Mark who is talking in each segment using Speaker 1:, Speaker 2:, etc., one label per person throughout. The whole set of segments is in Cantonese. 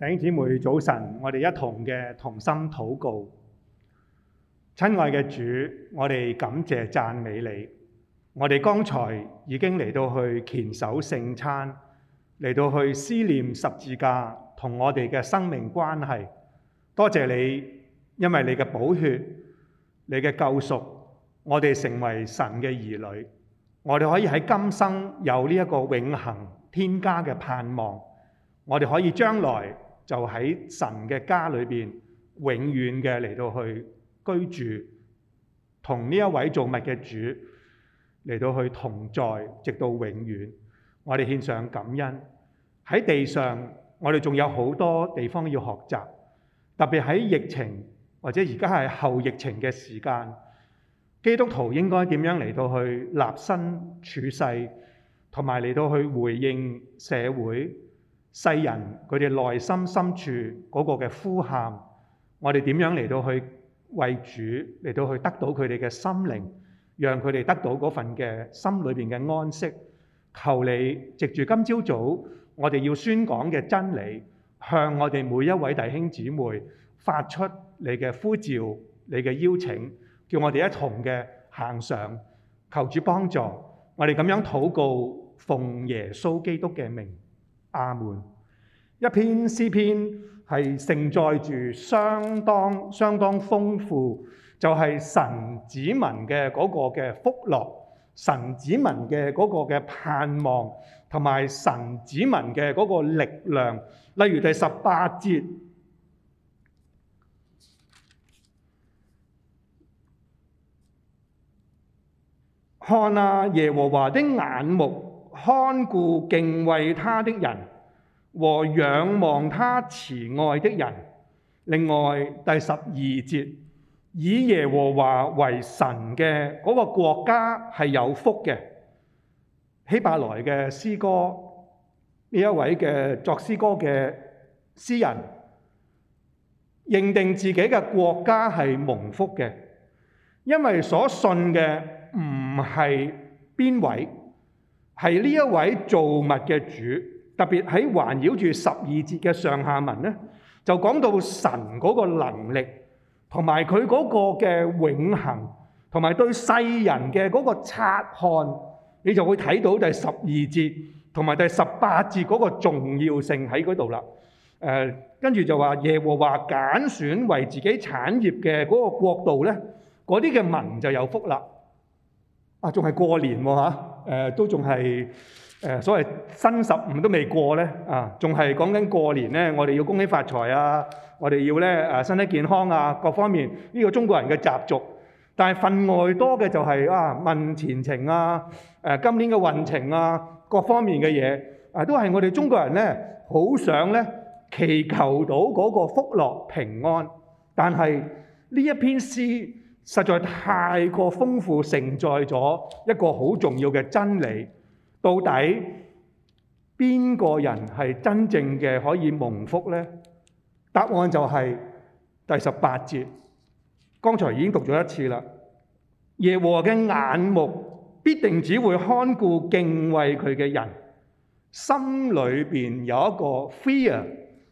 Speaker 1: 弟兄姊妹早晨，我哋一同嘅同心禱告。親愛嘅主，我哋感謝讚美你。我哋剛才已經嚟到去虔守聖餐，嚟到去思念十字架同我哋嘅生命關係。多謝你，因為你嘅寶血、你嘅救贖，我哋成為神嘅兒女。我哋可以喺今生有呢一個永恆天家嘅盼望。我哋可以將來，就喺神嘅家裏邊，永遠嘅嚟到去居住，同呢一位造物嘅主嚟到去同在，直到永遠。我哋獻上感恩。喺地上，我哋仲有好多地方要學習，特別喺疫情或者而家係後疫情嘅時間，基督徒應該點樣嚟到去立身處世，同埋嚟到去回應社會。世人佢哋內心深處嗰個嘅呼喊，我哋點樣嚟到去為主嚟到去得到佢哋嘅心靈，讓佢哋得到嗰份嘅心裏邊嘅安息。求你藉住今朝早我哋要宣講嘅真理，向我哋每一位弟兄姊妹發出你嘅呼召、你嘅邀請，叫我哋一同嘅行上。求主幫助我哋咁樣禱告，奉耶穌基督嘅名。阿門。一篇詩篇係承載住相當相當豐富，就係神子民嘅嗰個嘅福樂，神子民嘅嗰個嘅盼望，同埋神子民嘅嗰個力量。例如第十八節，看啊耶和華的眼目。看顧敬畏他的人和仰望他慈愛的人。另外第十二節，以耶和華為神嘅嗰個國家係有福嘅。希伯來嘅詩歌，呢一位嘅作詩歌嘅詩人，認定自己嘅國家係蒙福嘅，因為所信嘅唔係邊位。係呢一位造物嘅主，特別喺環繞住十二節嘅上下文咧，就講到神嗰個能力同埋佢嗰個嘅永恆，同埋對世人嘅嗰個察看，你就會睇到第十二節同埋第十八節嗰個重要性喺嗰度啦。誒，跟住就話耶和華揀選為自己產業嘅嗰個國度咧，嗰啲嘅民就有福啦。啊，仲係過年喎嚇！誒都仲係誒所謂新十五都未過咧，啊，仲係講緊過年咧，我哋要恭喜發財啊，我哋要咧誒身體健康啊，各方面呢個中國人嘅習俗。但係份外多嘅就係啊問前程啊，誒今年嘅運程啊，各方面嘅嘢，啊都係我哋中國人咧好想咧祈求到嗰個福樂平安。但係呢一篇詩。實在太過豐富，承載咗一個好重要嘅真理。到底邊個人係真正嘅可以蒙福呢？答案就係第十八節。剛才已經讀咗一次啦。耶和華嘅眼目必定只會看顧敬畏佢嘅人，心裏面有一個 fear，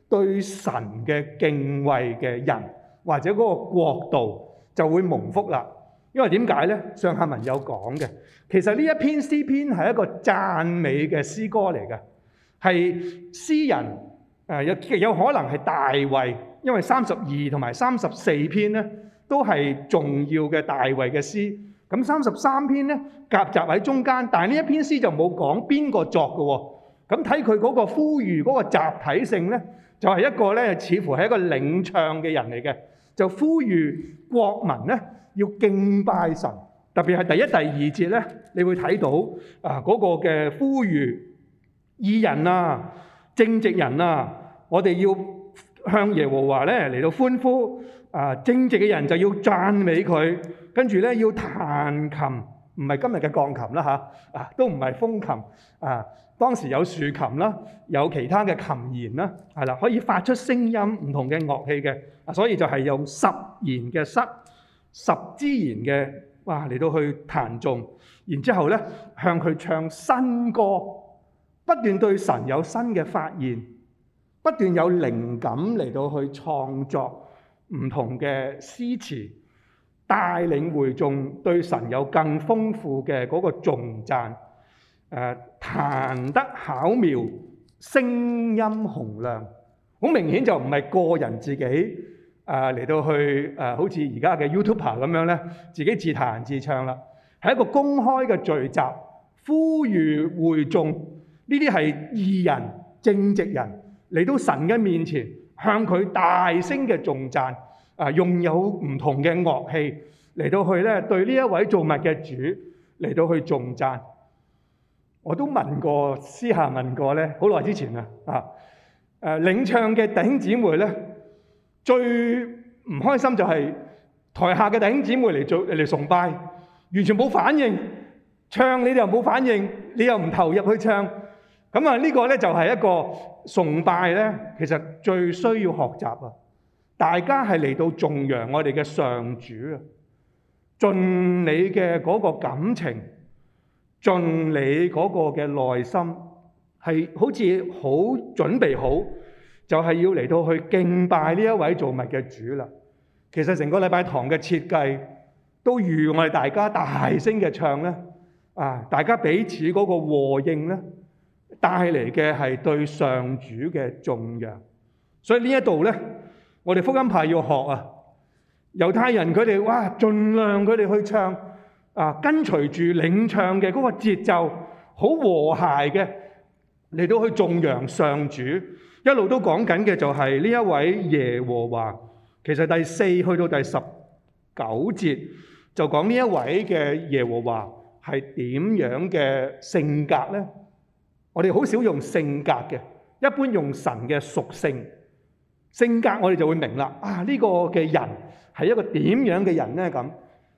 Speaker 1: 對神嘅敬畏嘅人，或者嗰個國度，就會蒙福啦，因為點解呢？上下文有講嘅，其實呢一篇詩篇係一個讚美嘅詩歌嚟嘅，係詩人誒有極有可能係大衛，因為三十二同埋三十四篇咧都係重要嘅大衛嘅詩，咁三十三篇咧夾雜喺中間，但係呢一篇詩就冇講邊個作嘅喎，咁睇佢嗰個呼籲嗰個集體性呢，就係一個呢，似乎係一個領唱嘅人嚟嘅。就呼籲國民咧要敬拜神，特別係第一、第二節咧，你會睇到啊嗰個嘅呼籲，義人啊、正直人啊，我哋要向耶和華咧嚟到歡呼，啊正直嘅人就要讚美佢，跟住呢，要彈琴。唔係今日嘅鋼琴啦嚇，啊都唔係風琴啊。當時有豎琴啦，有其他嘅琴弦啦，係啦，可以發出聲音，唔同嘅樂器嘅啊，所以就係用十弦嘅瑟、十支弦嘅哇嚟到去彈奏，然之後咧向佢唱新歌，不斷對神有新嘅發現，不斷有靈感嚟到去創作唔同嘅詩詞。帶領會眾對神有更豐富嘅嗰個頌讚，誒、呃、彈得巧妙，聲音洪亮，好明顯就唔係個人自己，誒、呃、嚟到去，誒、呃、好似而家嘅 YouTuber 咁樣咧，自己自彈自唱啦，係一個公開嘅聚集，呼籲會眾，呢啲係義人正直人嚟到神嘅面前，向佢大聲嘅頌讚。啊，用有唔同嘅樂器嚟到去咧，對呢一位造物嘅主嚟到去頌讚。我都問過私下問過咧，好耐之前啦，啊，誒領唱嘅弟兄姊妹咧，最唔開心就係台下嘅弟兄姊妹嚟做嚟崇拜，完全冇反應，唱你哋又冇反應，你又唔投入去唱，咁啊呢個咧就係一個崇拜咧，其實最需要學習啊！大家係嚟到頌揚我哋嘅上主啊，盡你嘅嗰個感情，盡你嗰個嘅內心，係好似好準備好，就係要嚟到去敬拜呢一位造物嘅主啦。其實成個禮拜堂嘅設計，都如我哋大家大聲嘅唱咧，啊，大家彼此嗰個和應咧，帶嚟嘅係對上主嘅頌揚。所以呢一度咧。我哋福音派要學啊，猶太人佢哋哇，儘量佢哋去唱啊，跟隨住領唱嘅嗰個節奏，好和諧嘅嚟到去頌揚上主，一路都講緊嘅就係呢一位耶和華。其實第四去到第十九節就講呢一位嘅耶和華係點樣嘅性格呢？我哋好少用性格嘅，一般用神嘅屬性。性格我哋就會明啦，啊呢個嘅人係一個點樣嘅人咧，咁，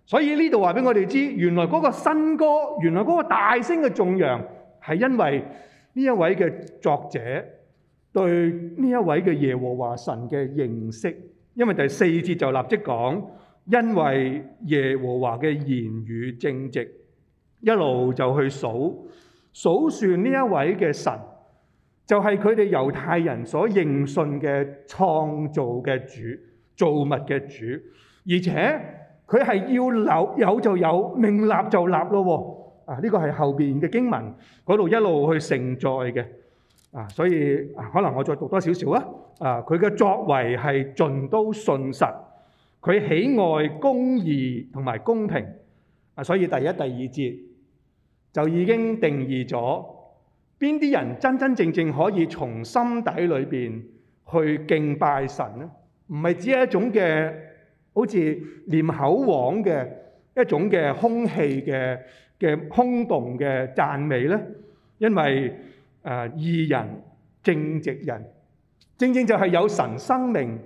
Speaker 1: 所以呢度話俾我哋知，原來嗰個新歌，原來嗰個大聲嘅頌揚，係因為呢一位嘅作者對呢一位嘅耶和華神嘅認識，因為第四節就立即講，因為耶和華嘅言語正直，一路就去數數算呢一位嘅神。就係佢哋猶太人所認信嘅創造嘅主，造物嘅主，而且佢係要有有就有，命立就立咯喎！啊，呢個係後面嘅經文嗰度一路去承載嘅。啊，所以啊，可能我再讀多少少啊。啊，佢嘅作為係盡都信實，佢喜愛公義同埋公平。啊，所以第一、第二節就已經定義咗。邊啲人真真正正可以從心底裏邊去敬拜神咧？唔係只係一種嘅好似念口簧嘅一種嘅空氣嘅嘅空洞嘅讚美咧？因為誒義人、呃、正直人，正正就係有神生命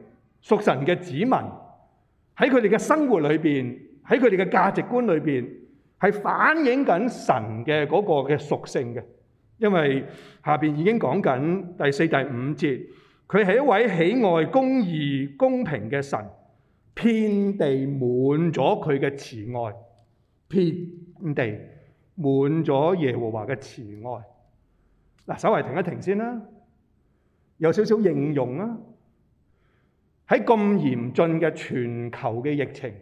Speaker 1: 屬神嘅子民，喺佢哋嘅生活裏邊，喺佢哋嘅價值觀裏邊，係反映緊神嘅嗰個嘅屬性嘅。因為下面已經講緊第四、第五節，佢係一位喜愛公義、公平嘅神，遍地滿咗佢嘅慈愛，遍地滿咗耶和華嘅慈愛。稍為停一停先啦，有少少應用啊！喺咁嚴峻嘅全球嘅疫情，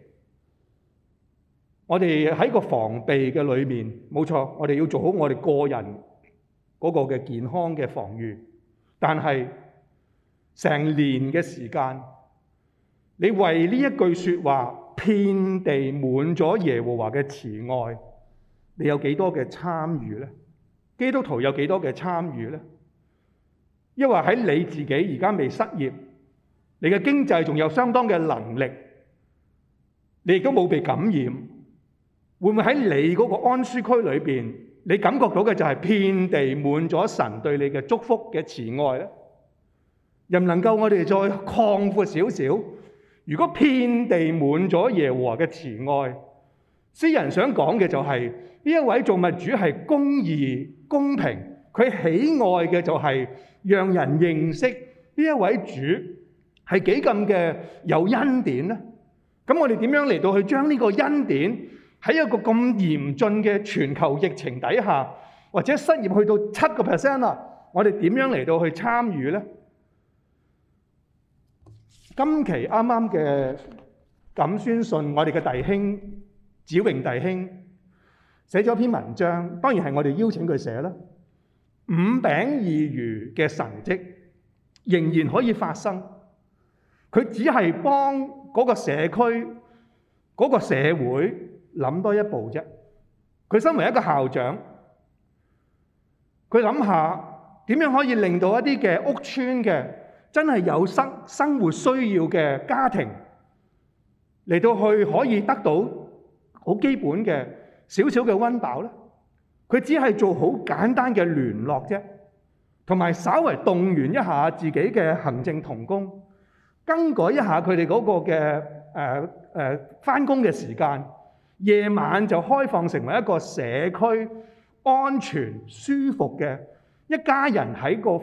Speaker 1: 我哋喺個防備嘅裏面，冇錯，我哋要做好我哋個人。嗰個嘅健康嘅防禦，但係成年嘅時間，你為呢一句說話，遍地滿咗耶和華嘅慈愛，你有幾多嘅參與呢？基督徒有幾多嘅參與呢？因為喺你自己而家未失業，你嘅經濟仲有相當嘅能力，你亦都冇被感染，會唔會喺你嗰個安舒區裏邊？你感覺到嘅就係遍地滿咗神對你嘅祝福嘅慈愛呢，又唔能夠我哋再擴闊少少？如果遍地滿咗耶和華嘅慈愛，詩人想講嘅就係呢一位造物主係公義公平，佢喜愛嘅就係讓人認識呢一位主係幾咁嘅有恩典呢。咁我哋點樣嚟到去將呢個恩典？喺一個咁嚴峻嘅全球疫情底下，或者失業去到七個 percent 啦，我哋點樣嚟到去參與呢？今期啱啱嘅錦宣信，我哋嘅弟兄子榮弟兄寫咗一篇文章，當然係我哋邀請佢寫啦。五餅二魚嘅神蹟仍然可以發生，佢只係幫嗰個社區、嗰、嗰個社會。諗多一步啫。佢身為一個校長，佢諗下點樣可以令到一啲嘅屋村嘅真係有生生活需要嘅家庭嚟到去可以得到好基本嘅少少嘅溫飽咧？佢只係做好簡單嘅聯絡啫，同埋稍微動員一下自己嘅行政同工，更改一下佢哋嗰個嘅誒誒翻工嘅時間。夜晚就開放成為一個社區，安全舒服嘅一家人喺個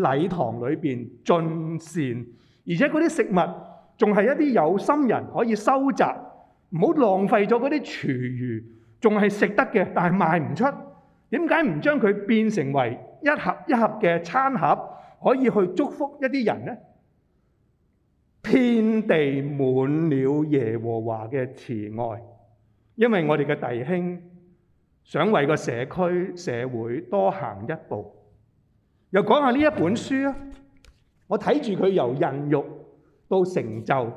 Speaker 1: 禮堂裏面進膳，而且嗰啲食物仲係一啲有心人可以收集，唔好浪費咗嗰啲廚餘，仲係食得嘅，但係賣唔出。點解唔將佢變成為一盒一盒嘅餐盒，可以去祝福一啲人呢？遍地滿了耶和華嘅慈愛。因為我哋嘅弟兄想為個社區社會多行一步，又講下呢一本書啊！我睇住佢由孕育到成就呢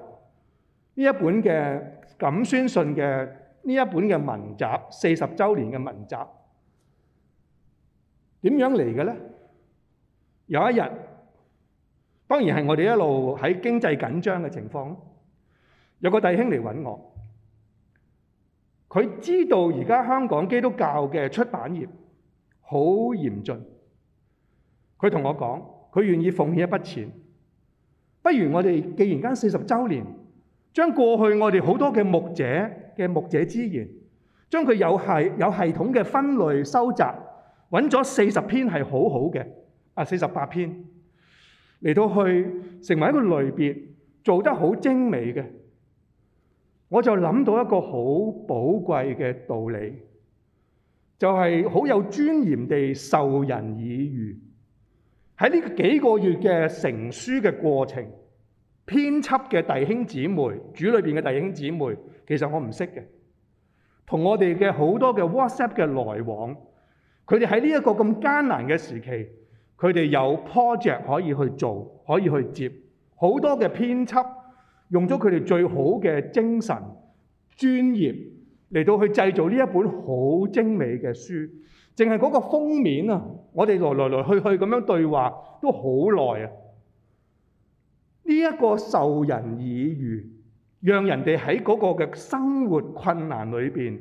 Speaker 1: 一本嘅《敢宣信》嘅呢一本嘅文集四十週年嘅文集，點樣嚟嘅咧？有一日，當然係我哋一路喺經濟緊張嘅情況，有個弟兄嚟揾我。佢知道而家香港基督教嘅出版業好嚴峻，佢同我講，佢願意奉獻一筆錢。不如我哋既然而家四十週年，將過去我哋好多嘅牧者嘅牧者資源，將佢有係有系統嘅分類收集，揾咗四十篇係好好嘅，啊四十八篇嚟到去成為一個類別，做得好精美嘅。我就諗到一個好寶貴嘅道理，就係、是、好有尊嚴地授人以漁。喺呢幾個月嘅成書嘅過程，編輯嘅弟兄姊妹，主裏邊嘅弟兄姊妹，其實我唔識嘅，同我哋嘅好多嘅 WhatsApp 嘅來往，佢哋喺呢一個咁艱難嘅時期，佢哋有 project 可以去做，可以去接好多嘅編輯。用咗佢哋最好嘅精神、專業嚟到去製造呢一本好精美嘅書，淨係嗰個封面啊！我哋來來來去去咁樣對話都好耐啊！呢、這、一個授人以漁，讓人哋喺嗰個嘅生活困難裏邊，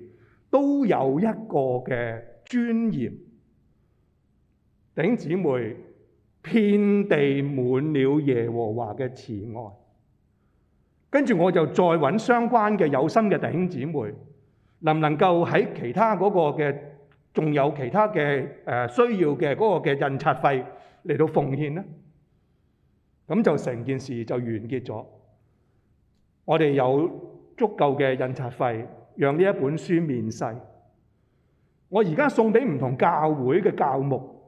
Speaker 1: 都有一個嘅尊嚴。頂姊妹，遍地滿了耶和華嘅慈愛。跟住我就再揾相關嘅有心嘅弟兄姊妹，能唔能夠喺其他嗰個嘅，仲有其他嘅誒需要嘅嗰個嘅印刷費嚟到奉獻呢？咁就成件事就完結咗。我哋有足夠嘅印刷費，讓呢一本書面世。我而家送俾唔同教會嘅教牧，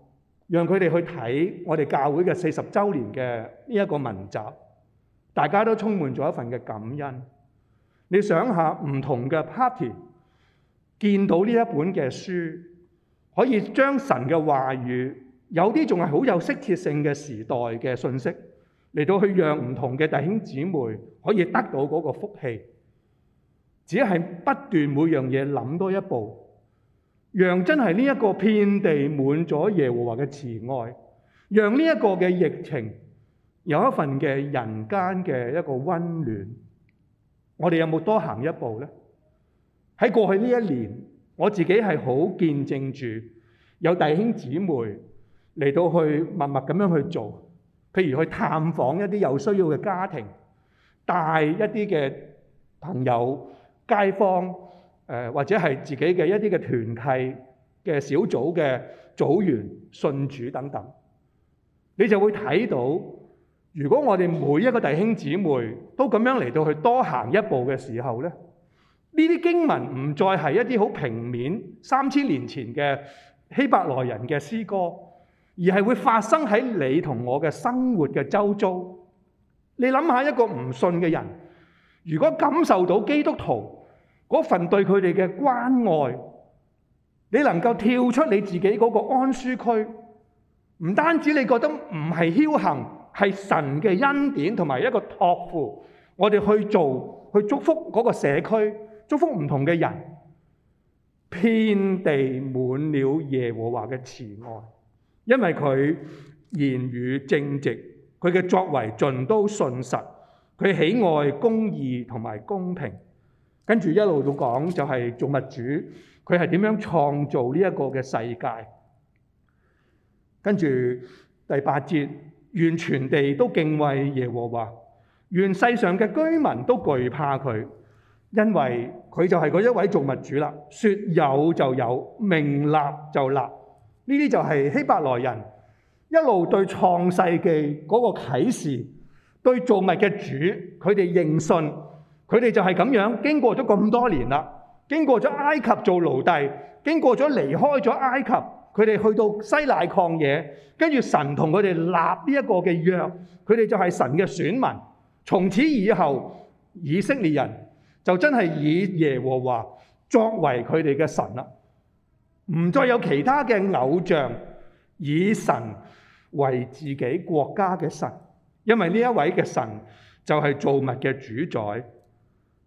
Speaker 1: 讓佢哋去睇我哋教會嘅四十週年嘅呢一個文集。大家都充滿咗一份嘅感恩。你想下唔同嘅 party 見到呢一本嘅書，可以將神嘅話語，有啲仲係好有適切性嘅時代嘅信息，嚟到去讓唔同嘅弟兄姊妹可以得到嗰個福氣。只係不斷每樣嘢諗多一步，讓真係呢一個遍地滿咗耶和華嘅慈愛，讓呢一個嘅疫情。有一份嘅人間嘅一個溫暖，我哋有冇多行一步呢？喺過去呢一年，我自己係好見證住有弟兄姊妹嚟到去默默咁樣去做，譬如去探訪一啲有需要嘅家庭、帶一啲嘅朋友、街坊，呃、或者係自己嘅一啲嘅團體嘅小組嘅組員、信主等等，你就會睇到。如果我哋每一個弟兄姊妹都咁樣嚟到去多行一步嘅時候咧，呢啲經文唔再係一啲好平面三千年前嘅希伯來人嘅詩歌，而係會發生喺你同我嘅生活嘅周遭。你諗下一個唔信嘅人，如果感受到基督徒嗰份對佢哋嘅關愛，你能夠跳出你自己嗰個安舒區，唔單止你覺得唔係僥幸。係神嘅恩典同埋一個託付，我哋去做，去祝福嗰個社區，祝福唔同嘅人，遍地滿了耶和華嘅慈愛，因為佢言語正直，佢嘅作為盡都信實，佢喜愛公義同埋公平，跟住一路都講就係造物主，佢係點樣創造呢一個嘅世界？跟住第八節。完全地都敬畏耶和華，願世上嘅居民都懼怕佢，因為佢就係嗰一位造物主啦。說有就有，命立就立，呢啲就係希伯來人一路對創世記嗰個啟示，對造物嘅主，佢哋認信，佢哋就係咁樣。經過咗咁多年啦，經過咗埃及做奴隸，經過咗離開咗埃及。佢哋去到西奈曠野，跟住神同佢哋立呢一個嘅約，佢哋就係神嘅選民。從此以後，以色列人就真係以耶和華作為佢哋嘅神啦，唔再有其他嘅偶像，以神為自己國家嘅神。因為呢一位嘅神就係造物嘅主宰。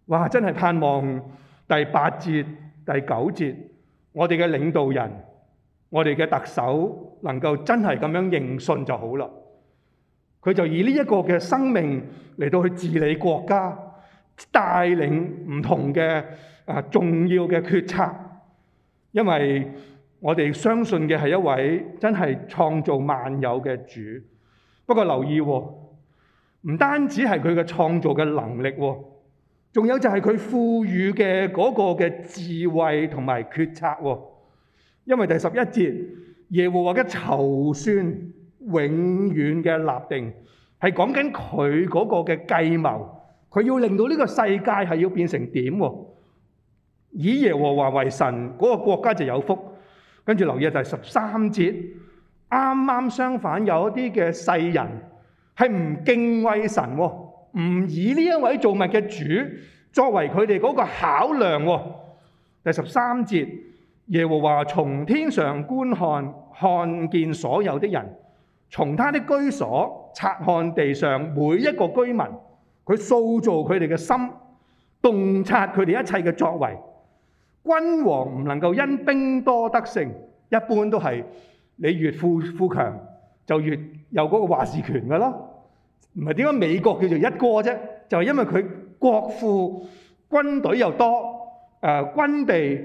Speaker 1: 哇！真係盼望第八節、第九節，我哋嘅領導人。我哋嘅特首能夠真係咁樣認信就好啦。佢就以呢一個嘅生命嚟到去治理國家，帶領唔同嘅啊重要嘅決策。因為我哋相信嘅係一位真係創造萬有嘅主。不過留意喎，唔單止係佢嘅創造嘅能力喎，仲有就係佢賦予嘅嗰個嘅智慧同埋決策喎。因為第十一節，耶和華嘅籌算永遠嘅立定，係講緊佢嗰個嘅計謀，佢要令到呢個世界係要變成點喎？以耶和華為神嗰個國家就有福。跟住留意就係十三節，啱啱相反，有一啲嘅世人係唔敬畏神，唔以呢一位造物嘅主作為佢哋嗰個考量。第十三節。耶和華從天上觀看，看見所有的人，從他的居所察看地上每一個居民，佢塑造佢哋嘅心，洞察佢哋一切嘅作為。君王唔能夠因兵多得勝，一般都係你越富富強就越有嗰個話事權噶咯。唔係點解美國叫做一哥啫？就係因為佢國富，軍隊又多，誒、呃，軍地。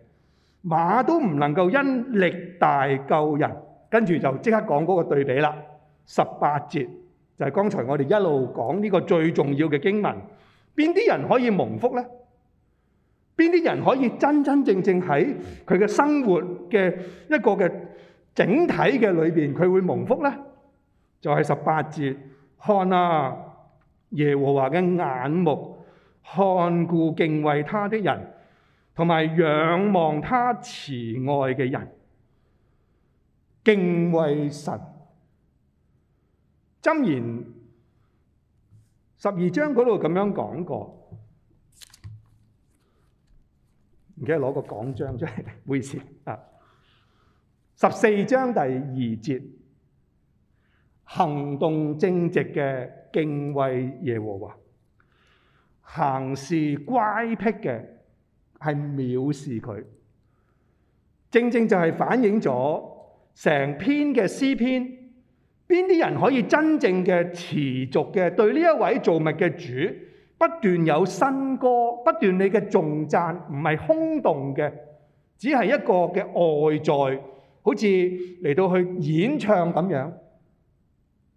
Speaker 1: 馬都唔能夠因力大救人，跟住就即刻講嗰個對比啦。十八節就係剛才我哋一路講呢個最重要嘅經文，邊啲人可以蒙福呢？邊啲人可以真真正正喺佢嘅生活嘅一個嘅整體嘅裏面，佢會蒙福呢？就係十八節，看啊，耶和華嘅眼目看顧敬畏他的人，同埋仰望他慈愛嘅人，敬畏神。箴言十二章嗰度咁樣講過，唔記得攞個講章出嚟，唔好意思啊。十四章第二節，行動正直嘅敬畏耶和華，行事乖僻嘅，係藐視佢，正正就係反映咗成篇嘅詩篇，邊啲人可以真正嘅持續嘅對呢一位造物嘅主不斷有新歌，不斷你嘅頌讚，唔係空洞嘅，只係一個嘅外在，好似嚟到去演唱咁樣，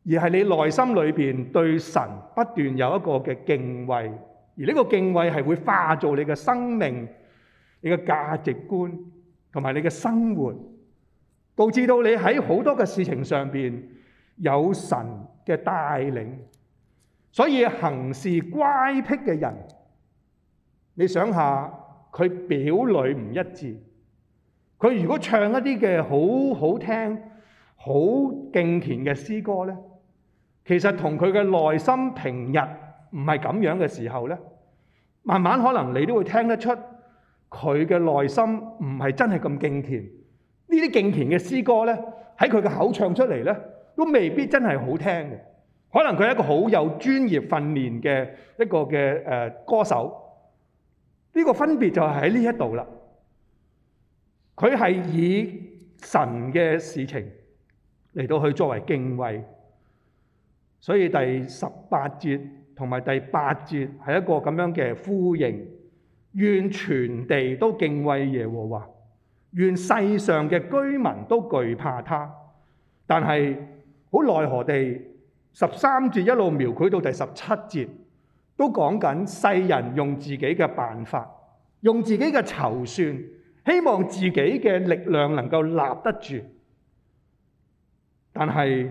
Speaker 1: 而係你內心裏邊對神不斷有一個嘅敬畏。而呢個敬畏係會化做你嘅生命、你嘅價值觀同埋你嘅生活，導致到你喺好多嘅事情上面有神嘅帶領。所以行事乖僻嘅人，你想下，佢表裏唔一致。佢如果唱一啲嘅好好聽、好敬虔嘅詩歌呢，其實同佢嘅內心平日。唔係咁樣嘅時候咧，慢慢可能你都會聽得出佢嘅內心唔係真係咁敬虔。呢啲敬虔嘅詩歌咧，喺佢嘅口唱出嚟咧，都未必真係好聽嘅。可能佢係一個好有專業訓練嘅一個嘅誒歌手。呢個分別就係喺呢一度啦。佢係以神嘅事情嚟到去作為敬畏，所以第十八節。同埋第八節係一個咁樣嘅呼應，願全地都敬畏耶和華，願世上嘅居民都懼怕他。但係好奈何地，十三節一路描繪到第十七節，都講緊世人用自己嘅辦法，用自己嘅籌算，希望自己嘅力量能夠立得住，但係。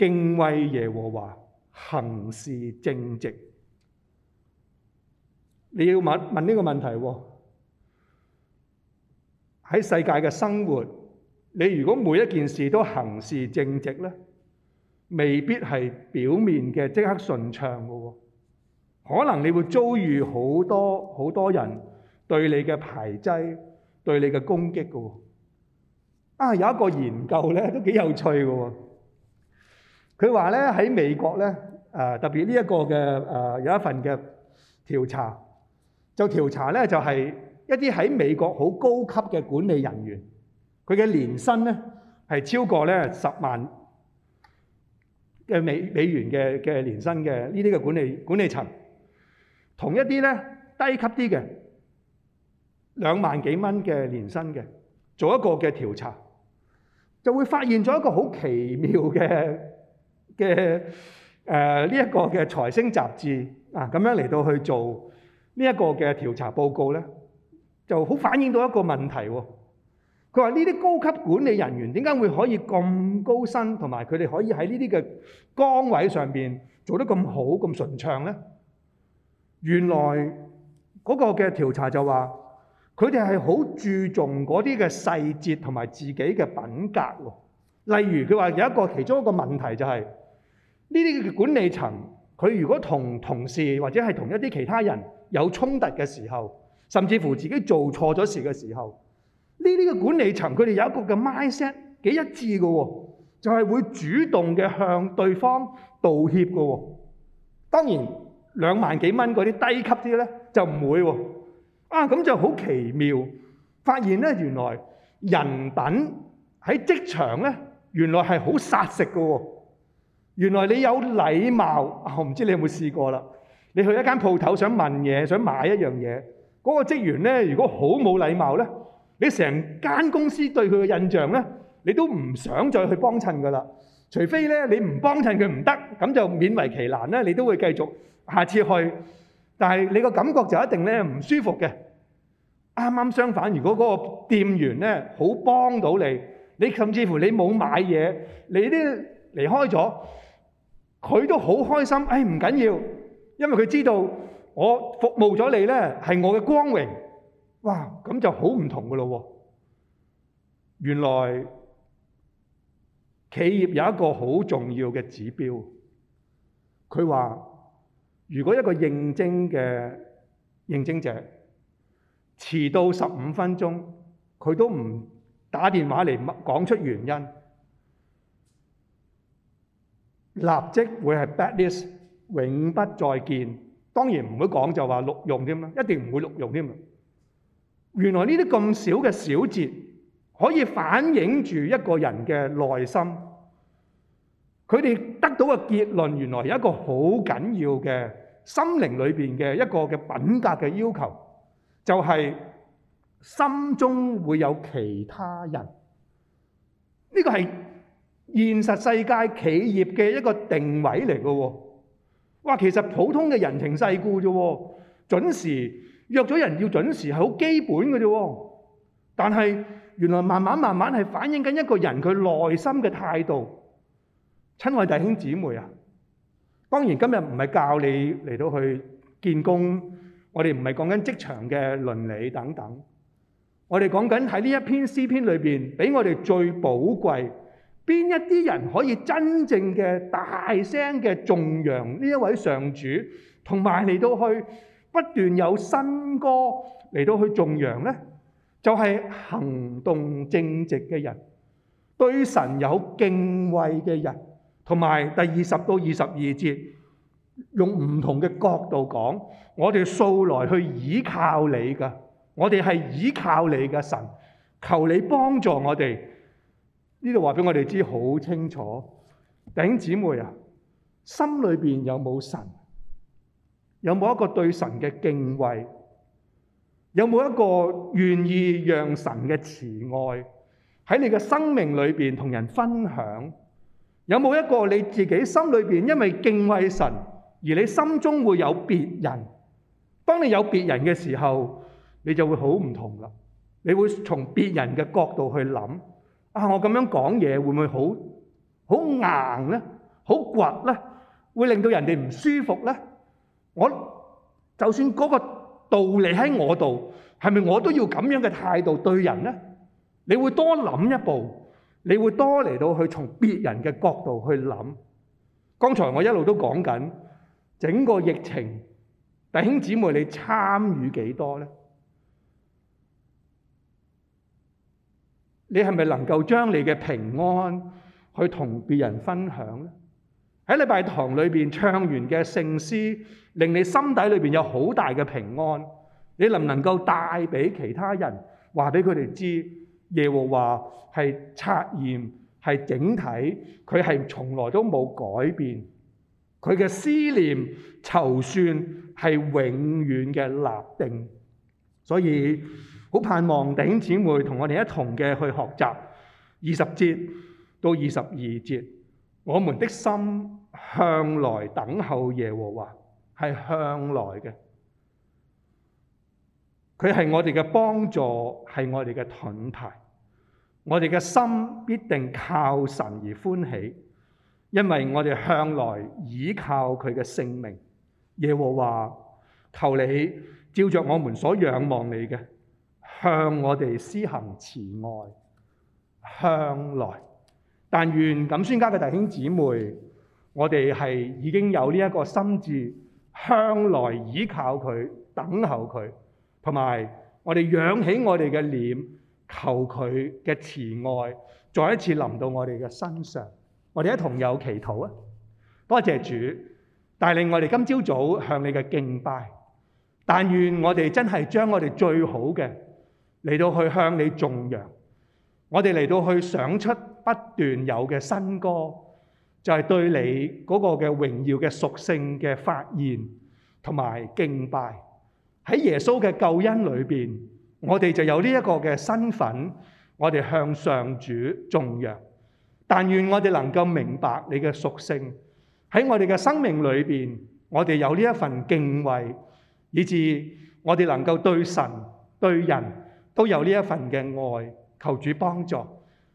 Speaker 1: 敬畏耶和華，行事正直。你要問問呢個問題喎？喺世界嘅生活，你如果每一件事都行事正直咧，未必係表面嘅即刻順暢噶喎。可能你會遭遇好多好多人對你嘅排擠、對你嘅攻擊噶喎。啊，有一個研究咧都幾有趣噶喎。佢話咧喺美國咧，誒特別呢一個嘅誒有一份嘅調查，就調查咧就係一啲喺美國好高級嘅管理人員，佢嘅年薪咧係超過咧十萬嘅美美元嘅嘅年薪嘅呢啲嘅管理管理層，同一啲咧低級啲嘅兩萬幾蚊嘅年薪嘅，做一個嘅調查，就會發現咗一個好奇妙嘅。嘅誒呢一個嘅財星雜誌啊，咁樣嚟到去做呢一個嘅調查報告咧，就好反映到一個問題喎、哦。佢話呢啲高級管理人員點解會可以咁高薪，同埋佢哋可以喺呢啲嘅崗位上面做得咁好、咁順暢咧？原來嗰、那個嘅調查就話，佢哋係好注重嗰啲嘅細節同埋自己嘅品格喎、哦。例如佢話有一個其中一個問題就係、是。呢啲嘅管理層，佢如果同同事或者係同一啲其他人有衝突嘅時候，甚至乎自己做錯咗事嘅時候，呢啲嘅管理層佢哋有一個嘅 mindset 幾一致嘅喎，就係會主動嘅向對方道歉嘅喎。當然兩萬幾蚊嗰啲低級啲咧就唔會喎。啊，咁就好奇妙，發現咧原來人品喺職場咧原來係好殺食嘅喎。原來你有禮貌，我唔知你有冇試過啦。你去一間鋪頭想問嘢，想買一樣嘢，嗰個職員呢，如果好冇禮貌呢，你成間公司對佢嘅印象呢，你都唔想再去幫襯噶啦。除非呢，你唔幫襯佢唔得，咁就勉為其難呢，你都會繼續下次去。但係你個感覺就一定呢唔舒服嘅。啱啱相反，如果嗰個店員呢好幫到你，你甚至乎你冇買嘢，你都離開咗。佢都好開心，誒唔緊要，因為佢知道我服務咗你咧，係我嘅光榮。哇，咁就好唔同㗎喇喎。原來企業有一個好重要嘅指標，佢話如果一個應徵嘅應徵者遲到十五分鐘，佢都唔打電話嚟講出原因。立即會係 badness，永不再見。當然唔會講就話錄用添啦，一定唔會錄用添。原來呢啲咁少嘅小節，可以反映住一個人嘅內心。佢哋得到嘅結論，原來有一個好緊要嘅心靈裏面嘅一個嘅品格嘅要求，就係心中會有其他人。呢個係。現實世界企業嘅一個定位嚟嘅喎，哇！其實普通嘅人情世故啫喎，準時約咗人要準時係好基本嘅啫喎，但係原來慢慢慢慢係反映緊一個人佢內心嘅態度。親愛弟兄姊妹啊，當然今日唔係教你嚟到去建功，我哋唔係講緊職場嘅倫理等等，我哋講緊喺呢一篇詩篇裏面俾我哋最寶貴。邊一啲人可以真正嘅大聲嘅頌揚呢一位上主，同埋嚟到去不斷有新歌嚟到去頌揚咧，就係行動正直嘅人，對神有敬畏嘅人，同埋第二十到二十二節，用唔同嘅角度講，我哋素來去依靠你噶，我哋係依靠你嘅神，求你幫助我哋。呢度話俾我哋知好清楚，弟兄姊妹啊，心裏邊有冇神？有冇一個對神嘅敬畏？有冇一個願意讓神嘅慈愛喺你嘅生命裏面同人分享？有冇一個你自己心裏面因為敬畏神，而你心中會有別人？當你有別人嘅時候，你就會好唔同啦。你會從別人嘅角度去諗。啊！我咁樣講嘢會唔會好好硬呢？好倔呢？會令到人哋唔舒服呢？我就算嗰個道理喺我度，係咪我都要咁樣嘅態度對人呢？你會多諗一步，你會多嚟到去從別人嘅角度去諗。剛才我一路都講緊整個疫情，弟兄姊妹，你參與幾多呢？你係咪能夠將你嘅平安去同別人分享咧？喺禮拜堂裏邊唱完嘅聖詩，令你心底裏邊有好大嘅平安，你能唔能夠帶俾其他人，話俾佢哋知耶和華係測驗，係整體，佢係從來都冇改變，佢嘅思念籌算係永遠嘅立定，所以。好盼望弟兄姊妹同我哋一同嘅去學習二十節到二十二節。我們的心向來等候耶和華，係向來嘅。佢係我哋嘅幫助，係我哋嘅盾牌。我哋嘅心必定靠神而歡喜，因為我哋向來倚靠佢嘅聖名。耶和華，求你照着我們所仰望你嘅。向我哋施行慈愛，向來但願咁。孫家嘅弟兄姊妹，我哋係已經有呢一個心志，向來依靠佢，等候佢，同埋我哋仰起我哋嘅臉，求佢嘅慈愛再一次臨到我哋嘅身上。我哋一同有祈禱啊！多謝主帶領我哋今朝早向你嘅敬拜。但願我哋真係將我哋最好嘅。嚟到去向你頌揚，我哋嚟到去想出不斷有嘅新歌，就係對你嗰個嘅榮耀嘅屬性嘅發現同埋敬拜。喺耶穌嘅救恩裏邊，我哋就有呢一個嘅身份，我哋向上主頌揚。但願我哋能夠明白你嘅屬性，喺我哋嘅生命裏邊，我哋有呢一份敬畏，以致我哋能夠對神對人。都有呢一份嘅愛，求主幫助。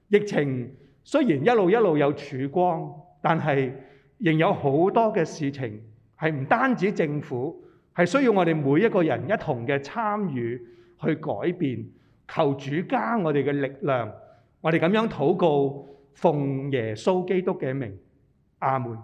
Speaker 1: 疫情雖然一路一路有曙光，但係仍有好多嘅事情係唔單止政府，係需要我哋每一個人一同嘅參與去改變。求主加我哋嘅力量，我哋咁樣禱告，奉耶穌基督嘅名，阿門。